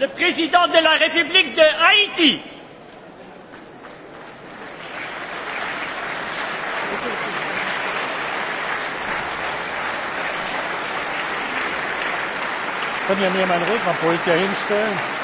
le président de la République de Haïti. Können wir mir meinen Redner hier hinstellen?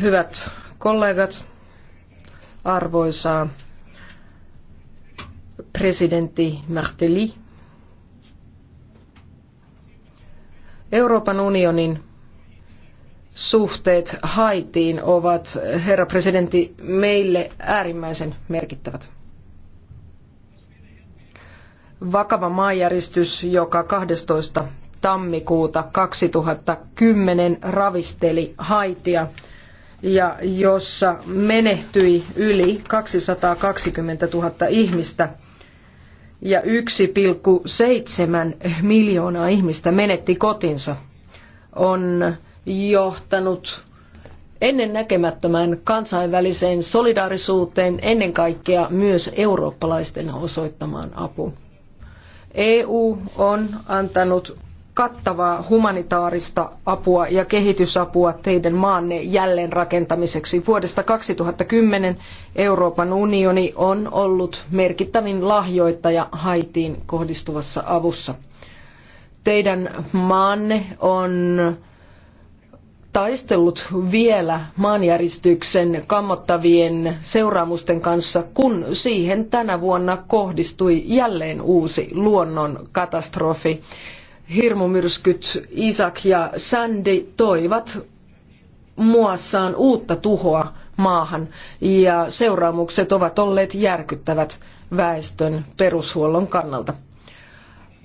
Hyvät kollegat, arvoisa presidentti Martelly, Euroopan unionin suhteet Haitiin ovat, herra presidentti, meille äärimmäisen merkittävät vakava maanjäristys, joka 12 tammikuuta 2010 ravisteli Haitia ja jossa menehtyi yli 220 000 ihmistä ja 1,7 miljoonaa ihmistä menetti kotinsa, on johtanut ennennäkemättömään kansainväliseen solidaarisuuteen, ennen kaikkea myös eurooppalaisten osoittamaan apuun. EU on antanut kattavaa humanitaarista apua ja kehitysapua teidän maanne jälleenrakentamiseksi. Vuodesta 2010 Euroopan unioni on ollut merkittävin lahjoittaja Haitiin kohdistuvassa avussa. Teidän maanne on taistellut vielä maanjäristyksen kammottavien seuraamusten kanssa, kun siihen tänä vuonna kohdistui jälleen uusi luonnonkatastrofi. katastrofi hirmumyrskyt Isaac ja Sandy toivat muassaan uutta tuhoa maahan ja seuraamukset ovat olleet järkyttävät väestön perushuollon kannalta.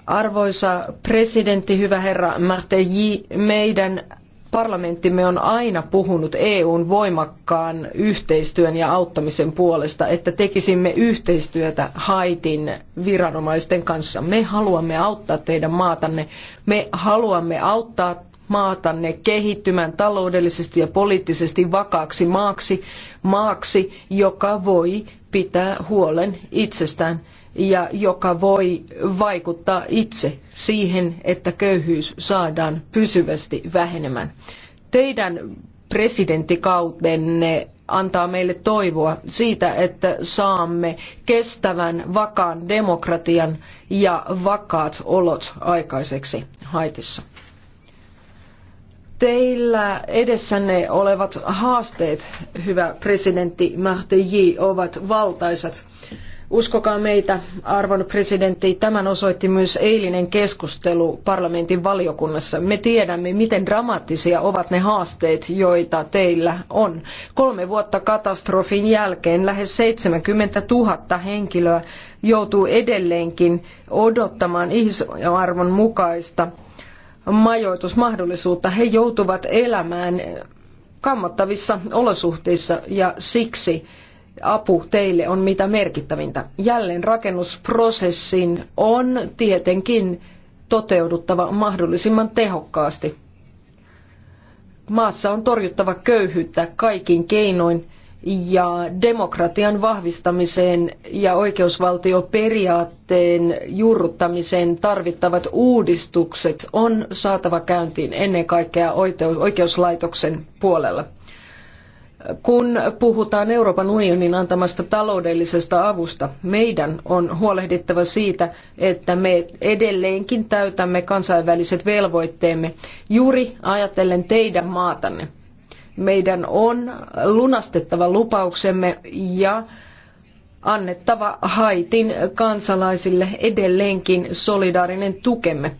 Arvoisa presidentti, hyvä herra Martelly, meidän parlamenttimme on aina puhunut EUn voimakkaan yhteistyön ja auttamisen puolesta, että tekisimme yhteistyötä Haitin viranomaisten kanssa. Me haluamme auttaa teidän maatanne. Me haluamme auttaa maatanne kehittymään taloudellisesti ja poliittisesti vakaaksi maaksi, maaksi, joka voi pitää huolen itsestään ja joka voi vaikuttaa itse siihen, että köyhyys saadaan pysyvästi vähenemään. Teidän presidenttikautenne antaa meille toivoa siitä, että saamme kestävän, vakaan demokratian ja vakaat olot aikaiseksi Haitissa. Teillä edessänne olevat haasteet, hyvä presidentti Mahdi ovat valtaisat Uskokaa meitä, arvon presidentti, tämän osoitti myös eilinen keskustelu parlamentin valiokunnassa. Me tiedämme, miten dramaattisia ovat ne haasteet, joita teillä on. Kolme vuotta katastrofin jälkeen lähes 70 000 henkilöä joutuu edelleenkin odottamaan ihmisarvon mukaista majoitusmahdollisuutta. He joutuvat elämään kammottavissa olosuhteissa ja siksi apu teille on mitä merkittävintä. Jälleenrakennusprosessin on tietenkin toteuduttava mahdollisimman tehokkaasti. Maassa on torjuttava köyhyyttä kaikin keinoin ja demokratian vahvistamiseen ja oikeusvaltioperiaatteen juurruttamiseen tarvittavat uudistukset on saatava käyntiin ennen kaikkea oikeuslaitoksen puolella. Kun puhutaan Euroopan unionin antamasta taloudellisesta avusta, meidän on huolehdittava siitä, että me edelleenkin täytämme kansainväliset velvoitteemme juuri ajatellen teidän maatanne. Meidän on lunastettava lupauksemme ja annettava Haitin kansalaisille edelleenkin solidaarinen tukemme.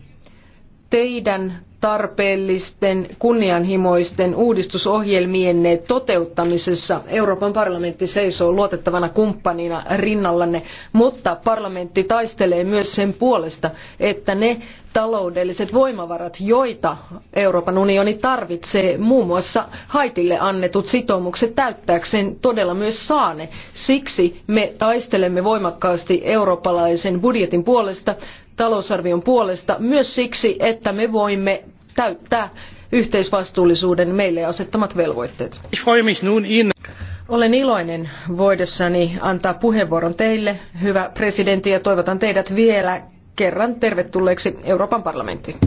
Teidän tarpeellisten kunnianhimoisten uudistusohjelmien toteuttamisessa Euroopan parlamentti seisoo luotettavana kumppanina rinnallanne, mutta parlamentti taistelee myös sen puolesta, että ne taloudelliset voimavarat, joita Euroopan unioni tarvitsee, muun muassa Haitille annetut sitoumukset täyttääkseen todella myös saane. Siksi me taistelemme voimakkaasti eurooppalaisen budjetin puolesta, talousarvion puolesta myös siksi, että me voimme täyttää yhteisvastuullisuuden meille asettamat velvoitteet. Olen iloinen voidessani antaa puheenvuoron teille, hyvä presidentti, ja toivotan teidät vielä kerran tervetulleeksi Euroopan parlamenttiin.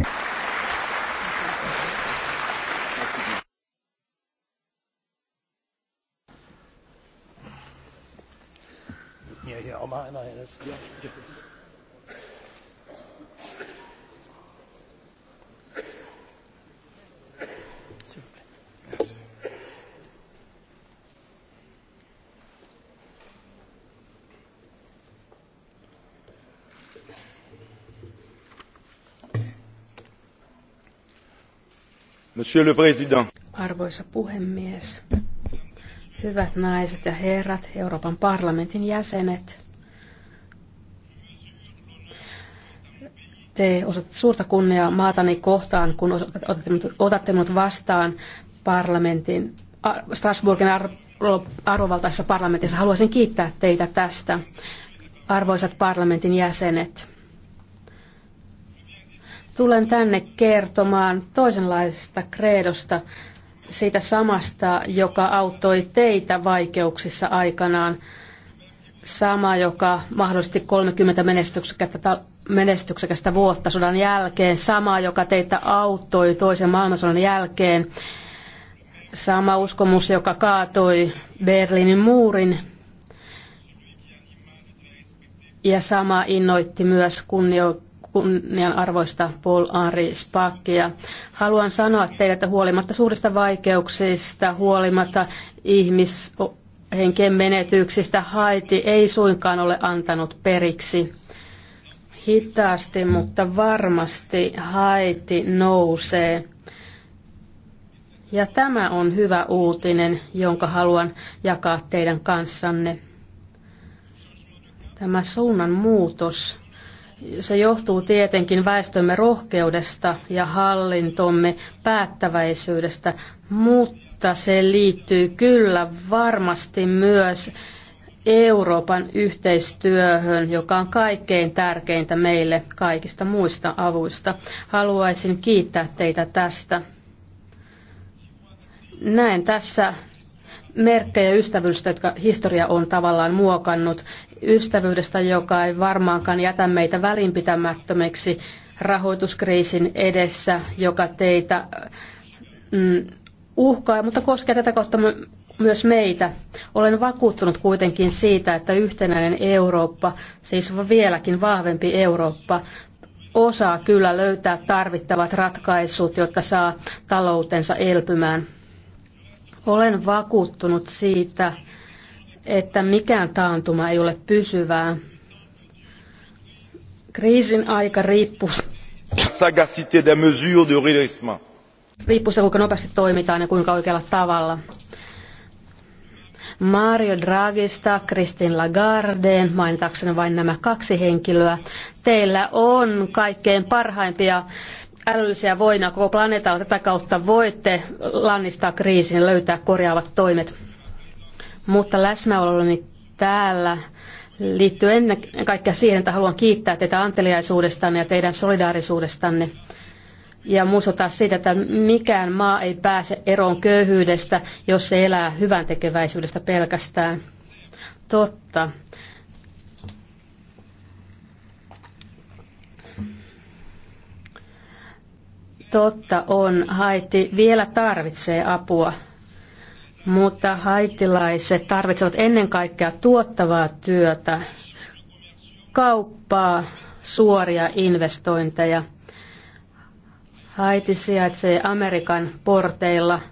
Arvoisa puhemies, hyvät naiset ja herrat, Euroopan parlamentin jäsenet, te osoitatte suurta kunniaa maatani kohtaan, kun otatte minut, otatte minut vastaan parlamentin, Strasbourgin arvovaltaisessa parlamentissa. Haluaisin kiittää teitä tästä, arvoisat parlamentin jäsenet. Tulen tänne kertomaan toisenlaisesta kreedosta, siitä samasta, joka auttoi teitä vaikeuksissa aikanaan. Sama, joka mahdollisesti 30 menestyksekästä vuotta sodan jälkeen. Sama, joka teitä auttoi toisen maailmansodan jälkeen. Sama uskomus, joka kaatoi Berliinin muurin. Ja sama innoitti myös kunnio kunnianarvoista Paul Henri Spakia. Haluan sanoa teille, että huolimatta suurista vaikeuksista, huolimatta ihmishenken menetyksistä, Haiti ei suinkaan ole antanut periksi. Hitaasti, mutta varmasti Haiti nousee. Ja tämä on hyvä uutinen, jonka haluan jakaa teidän kanssanne. Tämä suunnan muutos se johtuu tietenkin väestömme rohkeudesta ja hallintomme päättäväisyydestä, mutta se liittyy kyllä varmasti myös Euroopan yhteistyöhön, joka on kaikkein tärkeintä meille kaikista muista avuista. Haluaisin kiittää teitä tästä. Näen tässä merkkejä ystävyydestä, jotka historia on tavallaan muokannut. Ystävyydestä, joka ei varmaankaan jätä meitä välinpitämättömiksi rahoituskriisin edessä, joka teitä mm, uhkaa, mutta koskee tätä kohtaa myös meitä. Olen vakuuttunut kuitenkin siitä, että yhtenäinen Eurooppa, siis vieläkin vahvempi Eurooppa, osaa kyllä löytää tarvittavat ratkaisut, jotka saa taloutensa elpymään. Olen vakuuttunut siitä, että mikään taantuma ei ole pysyvää. Kriisin aika riippuu. Sagacité des mesures de redressement. Riippuu siitä, kuinka nopeasti toimitaan ja kuinka oikealla tavalla. Mario Dragista, Kristin Lagardeen, mainitakseni vain nämä kaksi henkilöä. Teillä on kaikkein parhaimpia älyllisiä voimia koko planeetalla. Tätä kautta voitte lannistaa kriisin ja löytää korjaavat toimet. Mutta läsnäoloni täällä liittyy ennen kaikkea siihen, että haluan kiittää teitä anteliaisuudestanne ja teidän solidaarisuudestanne. Ja muistuttaa siitä, että mikään maa ei pääse eroon köyhyydestä, jos se elää hyvän tekeväisyydestä pelkästään. Totta Totta on, Haiti vielä tarvitsee apua, mutta haitilaiset tarvitsevat ennen kaikkea tuottavaa työtä, kauppaa, suoria investointeja. Haiti sijaitsee Amerikan porteilla –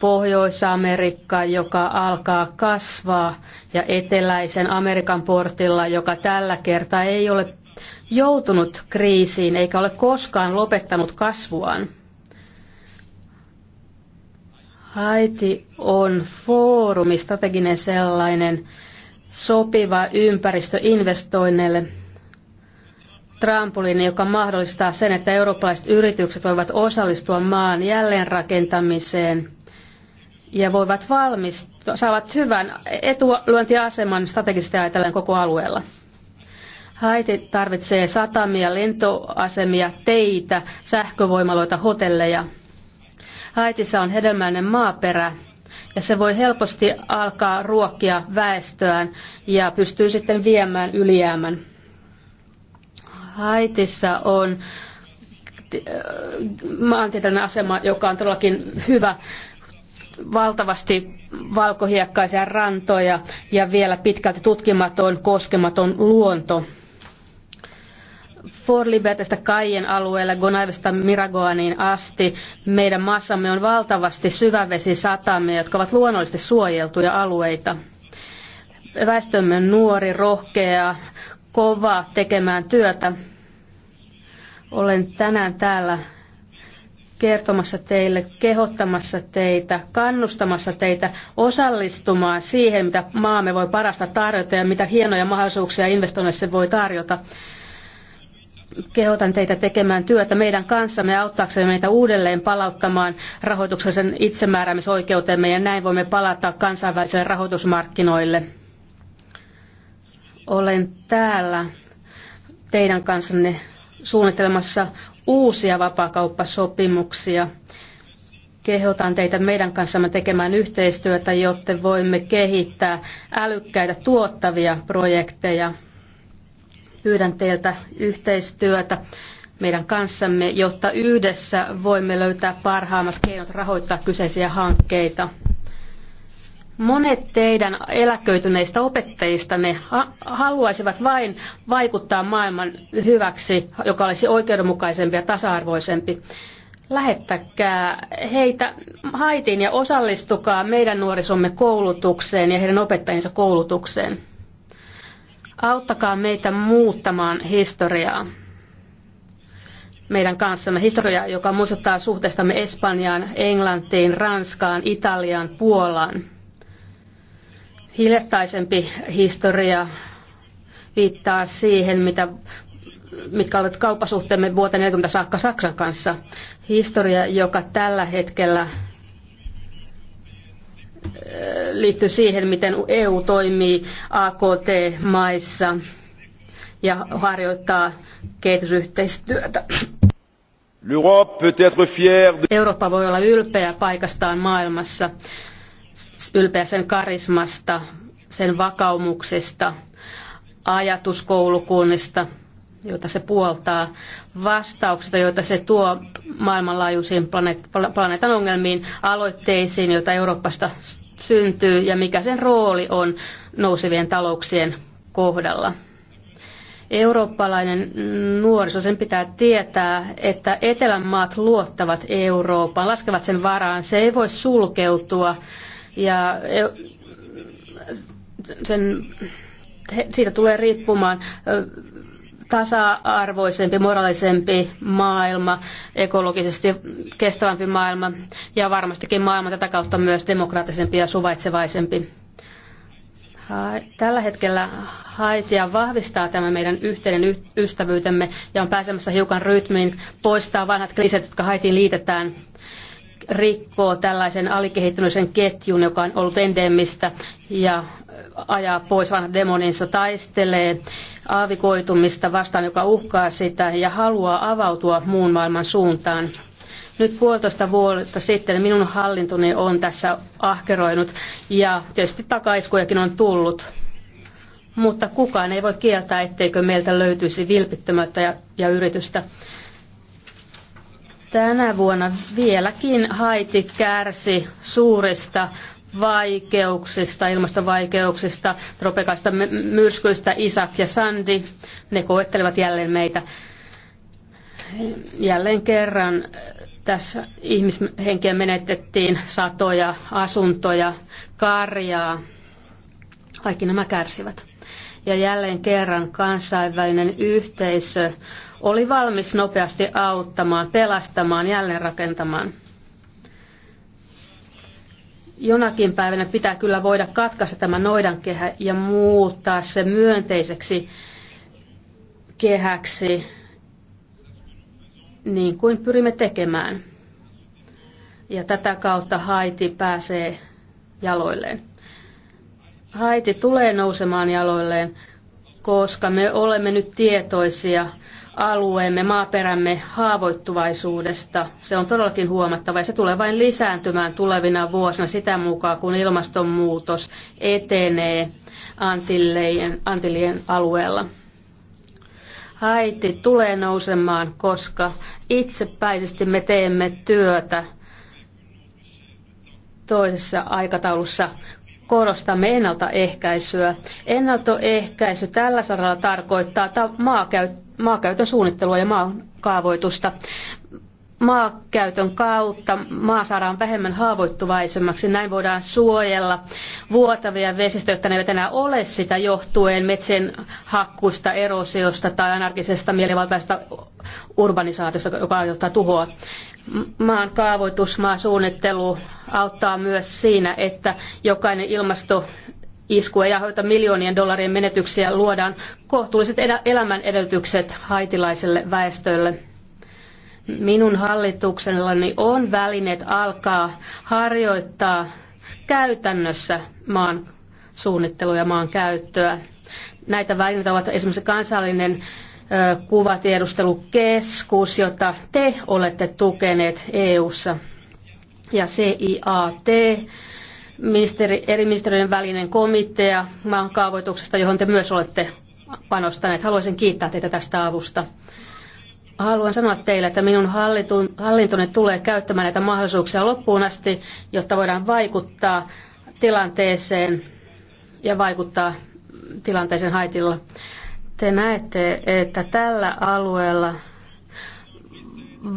Pohjois-Amerikka, joka alkaa kasvaa, ja eteläisen Amerikan portilla, joka tällä kertaa ei ole joutunut kriisiin eikä ole koskaan lopettanut kasvuaan. Haiti on foorumi, strateginen sellainen, sopiva ympäristö investoinneille. Trampoliini, joka mahdollistaa sen, että eurooppalaiset yritykset voivat osallistua maan jälleenrakentamiseen ja voivat valmistua, saavat hyvän etulyöntiaseman strategisesti ajatellen koko alueella. Haiti tarvitsee satamia, lentoasemia, teitä, sähkövoimaloita, hotelleja. Haitissa on hedelmällinen maaperä ja se voi helposti alkaa ruokkia väestöään ja pystyy sitten viemään ylijäämän. Haitissa on äh, maantieteellinen asema, joka on todellakin hyvä valtavasti valkohiekkaisia rantoja ja vielä pitkälti tutkimaton, koskematon luonto. Forlibertästä kaiken alueelle Gonaivesta Miragoaniin asti meidän maassamme on valtavasti syvävesisatamia, jotka ovat luonnollisesti suojeltuja alueita. Väestömme on nuori, rohkea, kova tekemään työtä. Olen tänään täällä kertomassa teille, kehottamassa teitä, kannustamassa teitä osallistumaan siihen, mitä maamme voi parasta tarjota ja mitä hienoja mahdollisuuksia investoinnissa voi tarjota kehotan teitä tekemään työtä meidän kanssamme auttaaksemme meitä uudelleen palauttamaan rahoituksellisen itsemääräämisoikeutemme ja näin voimme palata kansainvälisille rahoitusmarkkinoille. Olen täällä teidän kanssanne suunnittelemassa uusia vapaakauppasopimuksia. Kehotan teitä meidän kanssamme tekemään yhteistyötä, jotta voimme kehittää älykkäitä tuottavia projekteja. Pyydän teiltä yhteistyötä meidän kanssamme, jotta yhdessä voimme löytää parhaimmat keinot rahoittaa kyseisiä hankkeita. Monet teidän eläköityneistä opettajista ne haluaisivat vain vaikuttaa maailman hyväksi, joka olisi oikeudenmukaisempi ja tasa-arvoisempi. Lähettäkää heitä haitiin ja osallistukaa meidän nuorisomme koulutukseen ja heidän opettajiensa koulutukseen. Auttakaa meitä muuttamaan historiaa meidän kanssamme. Historiaa, joka muistuttaa suhteestamme Espanjaan, Englantiin, Ranskaan, Italiaan, Puolaan. Hiljattaisempi historia viittaa siihen, mitä, mitkä olivat kauppasuhteemme vuoteen 40 saakka Saksan kanssa. Historia, joka tällä hetkellä liittyy siihen, miten EU toimii AKT-maissa ja harjoittaa kehitysyhteistyötä. Eurooppa voi olla ylpeä paikastaan maailmassa, ylpeä sen karismasta, sen vakaumuksesta, ajatuskoulukunnista, joita se puoltaa, vastauksista, joita se tuo maailmanlaajuisiin planeet- planeetan ongelmiin, aloitteisiin, joita Euroopasta syntyy ja mikä sen rooli on nousevien talouksien kohdalla. Eurooppalainen nuoriso, sen pitää tietää, että etelän maat luottavat Eurooppaan, laskevat sen varaan. Se ei voi sulkeutua ja sen, siitä tulee riippumaan tasa-arvoisempi, moraalisempi maailma, ekologisesti kestävämpi maailma ja varmastikin maailma tätä kautta myös demokraattisempi ja suvaitsevaisempi. Tällä hetkellä Haitia vahvistaa tämä meidän yhteinen ystävyytemme ja on pääsemässä hiukan rytmiin, poistaa vanhat kriisit, jotka Haitiin liitetään rikkoo tällaisen alikehittyneisen ketjun, joka on ollut endemistä ja ajaa pois vanhan demoninsa, taistelee aavikoitumista vastaan, joka uhkaa sitä ja haluaa avautua muun maailman suuntaan. Nyt puolitoista vuotta sitten minun hallintoni on tässä ahkeroinut ja tietysti takaiskujakin on tullut. Mutta kukaan ei voi kieltää, etteikö meiltä löytyisi vilpittömättä ja, ja yritystä tänä vuonna vieläkin Haiti kärsi suurista vaikeuksista, ilmastovaikeuksista, tropikaista myrskyistä, Isak ja Sandi. Ne koettelevat jälleen meitä. Jälleen kerran tässä ihmishenkiä menetettiin satoja, asuntoja, karjaa. Kaikki nämä kärsivät. Ja jälleen kerran kansainvälinen yhteisö oli valmis nopeasti auttamaan, pelastamaan, jälleen rakentamaan jonakin päivänä pitää kyllä voida katkaista tämä noidankehä ja muuttaa se myönteiseksi kehäksi, niin kuin pyrimme tekemään. Ja tätä kautta Haiti pääsee jaloilleen. Haiti tulee nousemaan jaloilleen, koska me olemme nyt tietoisia – alueemme, maaperämme haavoittuvaisuudesta. Se on todellakin huomattava ja se tulee vain lisääntymään tulevina vuosina sitä mukaan, kun ilmastonmuutos etenee Antillejen, Antillien alueella. Haiti tulee nousemaan, koska itsepäisesti me teemme työtä toisessa aikataulussa korostamme ennaltaehkäisyä. Ennaltoehkäisy tällä saralla tarkoittaa maakäyttöä maakäytön suunnittelua ja maankaavoitusta maakäytön kautta maa saadaan vähemmän haavoittuvaisemmaksi. Näin voidaan suojella vuotavia vesistöjä, jotka ne eivät enää ole sitä johtuen metsien hakkuista, erosiosta tai anarkisesta mielivaltaista urbanisaatiosta, joka aiheuttaa tuhoa. Maan kaavoitus, maasuunnittelu auttaa myös siinä, että jokainen ilmasto isku ei aiheuta miljoonien dollarien menetyksiä, luodaan kohtuulliset elämän edellytykset haitilaiselle väestölle minun hallituksellani on välineet alkaa harjoittaa käytännössä maan suunnittelua ja maan käyttöä. Näitä välineitä ovat esimerkiksi kansallinen kuvatiedustelukeskus, jota te olette tukeneet EU:ssa, ja CIAT, ministeri, eri ministeriöiden välinen komitea kaavoituksesta, johon te myös olette panostaneet. Haluaisin kiittää teitä tästä avusta haluan sanoa teille, että minun hallintoni tulee käyttämään näitä mahdollisuuksia loppuun asti, jotta voidaan vaikuttaa tilanteeseen ja vaikuttaa tilanteeseen Haitilla. Te näette, että tällä alueella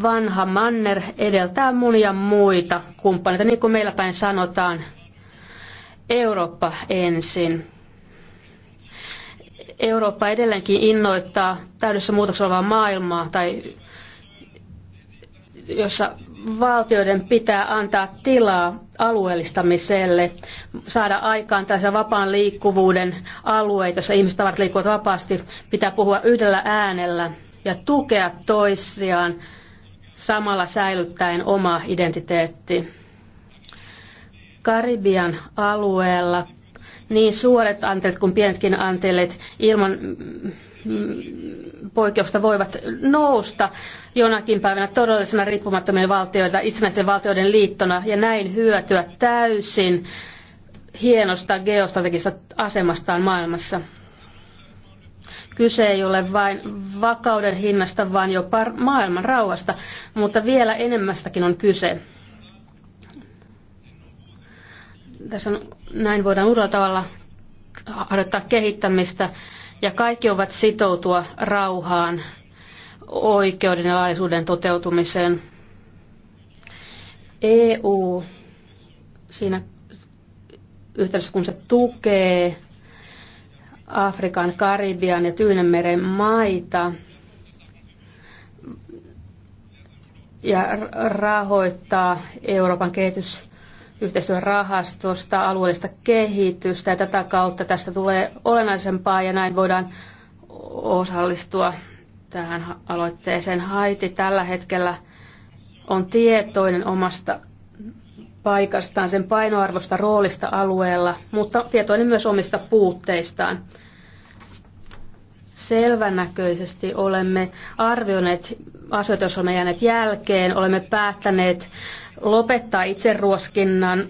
vanha manner edeltää monia muita kumppaneita. Niin kuin meillä päin sanotaan, Eurooppa ensin. Eurooppa edelleenkin innoittaa täydessä muutoksessa olevaa maailmaa, tai jossa valtioiden pitää antaa tilaa alueellistamiselle, saada aikaan tässä vapaan liikkuvuuden alueita, jossa ihmiset ovat liikkuvat vapaasti, pitää puhua yhdellä äänellä ja tukea toisiaan samalla säilyttäen oma identiteetti. Karibian alueella niin suuret anteet kuin pienetkin anteet ilman mm, poikkeusta voivat nousta jonakin päivänä todellisena riippumattomien valtioita itsenäisten valtioiden liittona ja näin hyötyä täysin hienosta geostrategisesta asemastaan maailmassa. Kyse ei ole vain vakauden hinnasta, vaan jopa maailman rauhasta, mutta vielä enemmästäkin on kyse. Tässä on, näin voidaan uudella tavalla harjoittaa kehittämistä ja kaikki ovat sitoutua rauhaan, oikeuden ja laillisuuden toteutumiseen. EU siinä yhteydessä, kun se tukee Afrikan, Karibian ja Tyynenmeren maita ja rahoittaa Euroopan kehitys yhteistyön rahastosta, alueellista kehitystä ja tätä kautta tästä tulee olennaisempaa ja näin voidaan osallistua tähän aloitteeseen. Haiti tällä hetkellä on tietoinen omasta paikastaan, sen painoarvosta, roolista alueella, mutta tietoinen myös omista puutteistaan. Selvänäköisesti olemme arvioineet asioita, joissa olemme jääneet jälkeen, olemme päättäneet lopettaa itseruoskinnan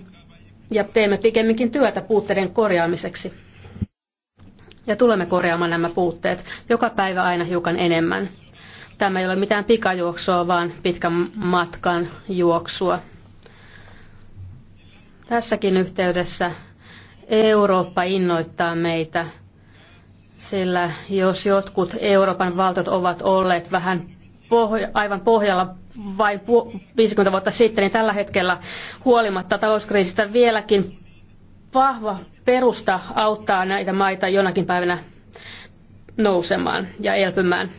ja teemme pikemminkin työtä puutteiden korjaamiseksi. Ja tulemme korjaamaan nämä puutteet joka päivä aina hiukan enemmän. Tämä ei ole mitään pikajuoksua, vaan pitkän matkan juoksua. Tässäkin yhteydessä Eurooppa innoittaa meitä, sillä jos jotkut Euroopan valtiot ovat olleet vähän pohja, aivan pohjalla vain 50 vuotta sitten, niin tällä hetkellä huolimatta talouskriisistä vieläkin vahva perusta auttaa näitä maita jonakin päivänä nousemaan ja elpymään.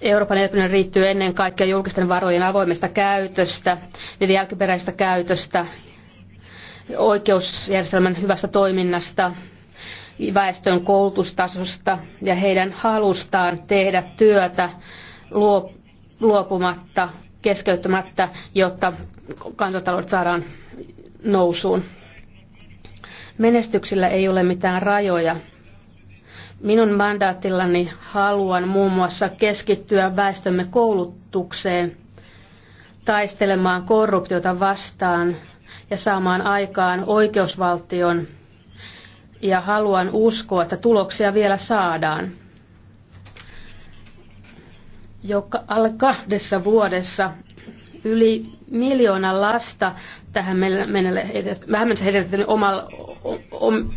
Euroopan elpyminen riittyy ennen kaikkea julkisten varojen avoimesta käytöstä, niiden jälkiperäisestä käytöstä, oikeusjärjestelmän hyvästä toiminnasta, väestön koulutustasosta ja heidän halustaan tehdä työtä luopumatta, keskeyttämättä, jotta kansantalous saadaan nousuun. Menestyksillä ei ole mitään rajoja. Minun mandaatillani haluan muun muassa keskittyä väestömme koulutukseen, taistelemaan korruptiota vastaan ja saamaan aikaan oikeusvaltion ja haluan uskoa, että tuloksia vielä saadaan. Joka alle kahdessa vuodessa yli miljoona lasta tähän vähemmänsä hedelmätön oman,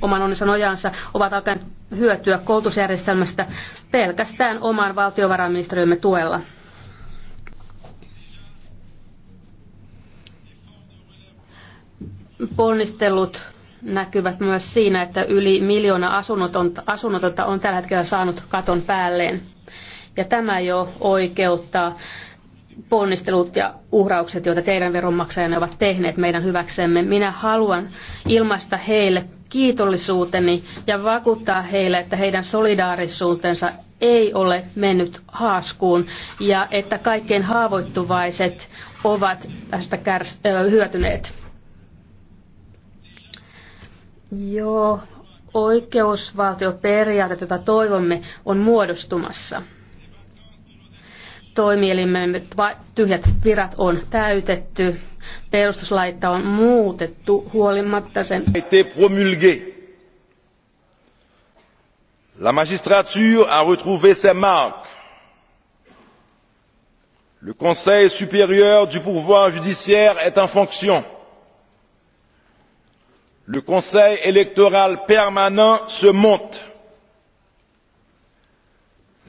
oman onnensa nojansa ovat alkaneet hyötyä koulutusjärjestelmästä pelkästään oman valtiovarainministeriömme tuella. Ponnistelut näkyvät myös siinä, että yli miljoona asunnotonta, asunnotonta on tällä hetkellä saanut katon päälleen. Ja tämä jo oikeuttaa ponnistelut ja uhraukset, joita teidän veronmaksajanne ovat tehneet meidän hyväksemme. Minä haluan ilmaista heille kiitollisuuteni ja vakuuttaa heille, että heidän solidaarisuutensa ei ole mennyt haaskuun ja että kaikkein haavoittuvaiset ovat tästä kärs- hyötyneet. Joo, oikeusvaltioperiaate, jota toivomme, on muodostumassa. Toimielimemme tyhjät virat on täytetty, perustuslaita on muutettu huolimatta sen. La magistrature a retrouvé ses marques. Le Conseil supérieur du pouvoir judiciaire est en fonction le conseil électoral permanent se monte.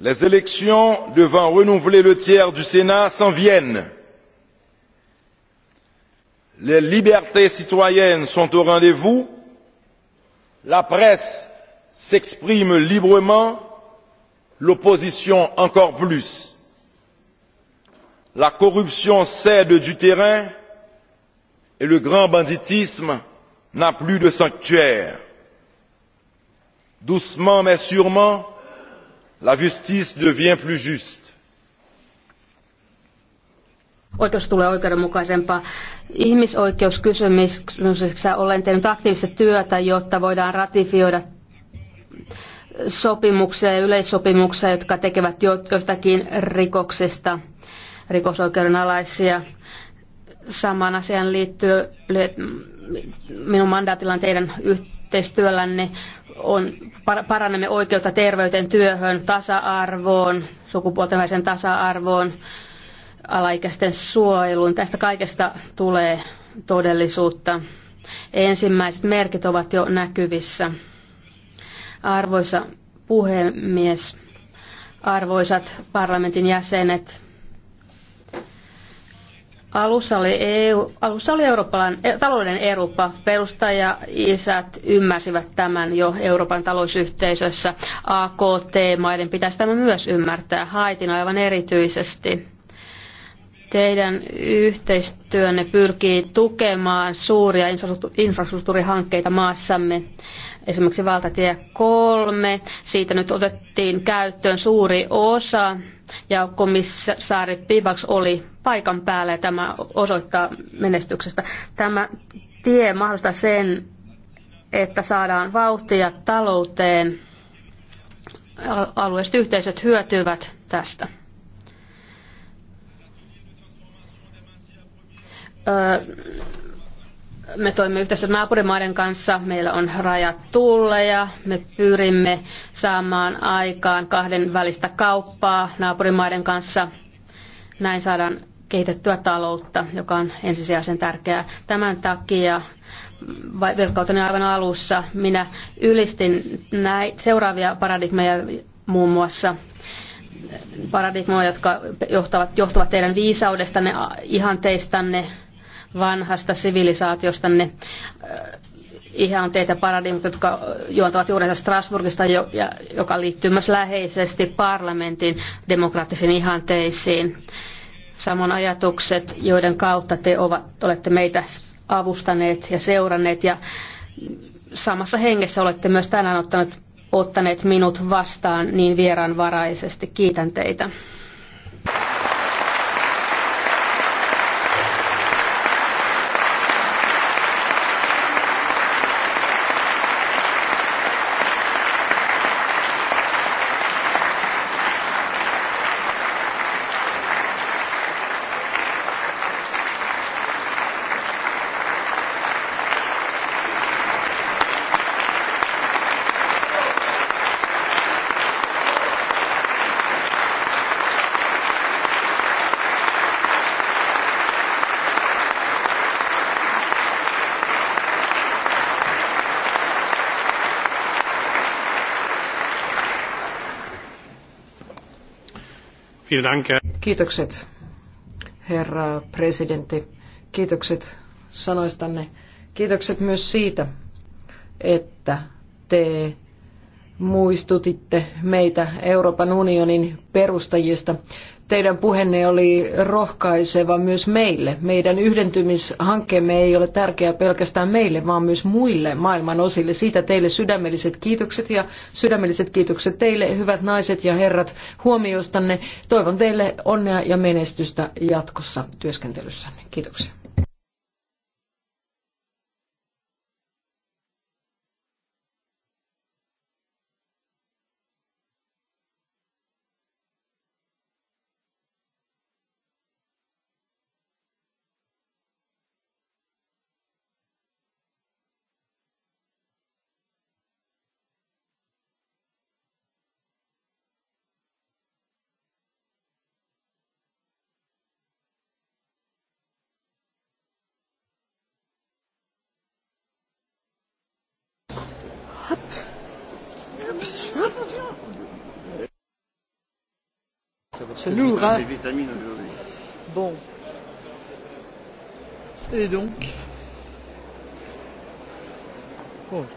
les élections devant renouveler le tiers du sénat s'en viennent. les libertés citoyennes sont au rendez vous la presse s'exprime librement l'opposition encore plus. la corruption cède du terrain et le grand banditisme n'a plus de sanctuaire. Doucement mais sûrement, la justice devient plus juste. Oikeus tulee oikeudenmukaisempaa. Ihmisoikeuskysymyksessä olen tehnyt aktiivista työtä, jotta voidaan ratifioida sopimuksia ja yleissopimuksia, jotka tekevät jostakin rikoksesta rikosoikeuden alaisia. Samaan asiaan liittyy minun mandaatillani teidän yhteistyöllänne on, parannamme oikeutta terveyteen, työhön, tasa-arvoon, sukupuolten välisen tasa-arvoon, alaikäisten suojeluun. Tästä kaikesta tulee todellisuutta. Ensimmäiset merkit ovat jo näkyvissä. Arvoisa puhemies, arvoisat parlamentin jäsenet, Alussa oli, EU, alussa oli eurooppalainen, e, talouden Eurooppa. Perustaja isät ymmärsivät tämän jo Euroopan talousyhteisössä. AKT-maiden pitäisi tämä myös ymmärtää. Haitin aivan erityisesti. Teidän yhteistyönne pyrkii tukemaan suuria infrastruktuurihankkeita maassamme. Esimerkiksi valtatie kolme. Siitä nyt otettiin käyttöön suuri osa ja komissaari Pivaks oli paikan päällä ja tämä osoittaa menestyksestä. Tämä tie mahdollistaa sen, että saadaan vauhtia talouteen. Alueelliset yhteisöt hyötyvät tästä. Öö, me toimimme yhdessä naapurimaiden kanssa, meillä on rajat tulleja, me pyrimme saamaan aikaan kahden välistä kauppaa naapurimaiden kanssa. Näin saadaan kehitettyä taloutta, joka on ensisijaisen tärkeää. Tämän takia virkauteni aivan alussa minä ylistin näitä seuraavia paradigmeja muun muassa paradigmoja, jotka johtavat, johtuvat teidän viisaudestanne, ihanteistanne, vanhasta sivilisaatiostanne. Äh, ihan teitä paradigmat, jotka juontavat juurensa Strasburgista, joka liittyy myös läheisesti parlamentin demokraattisiin ihanteisiin. Samoin ajatukset, joiden kautta te ovat, olette meitä avustaneet ja seuranneet ja samassa hengessä olette myös tänään ottanut, ottaneet minut vastaan niin vieraanvaraisesti. Kiitän teitä. Kiitokset, herra presidentti. Kiitokset sanoistanne. Kiitokset myös siitä, että te muistutitte meitä Euroopan unionin perustajista teidän puheenne oli rohkaiseva myös meille. Meidän yhdentymishankkeemme ei ole tärkeä pelkästään meille, vaan myös muille maailman osille. Siitä teille sydämelliset kiitokset ja sydämelliset kiitokset teille, hyvät naiset ja herrat, huomiostanne. Toivon teille onnea ja menestystä jatkossa työskentelyssänne. Kiitoksia. Se lourd. Hein. Des vitamines aujourd'hui. Bon. Et donc. Bon. Oh.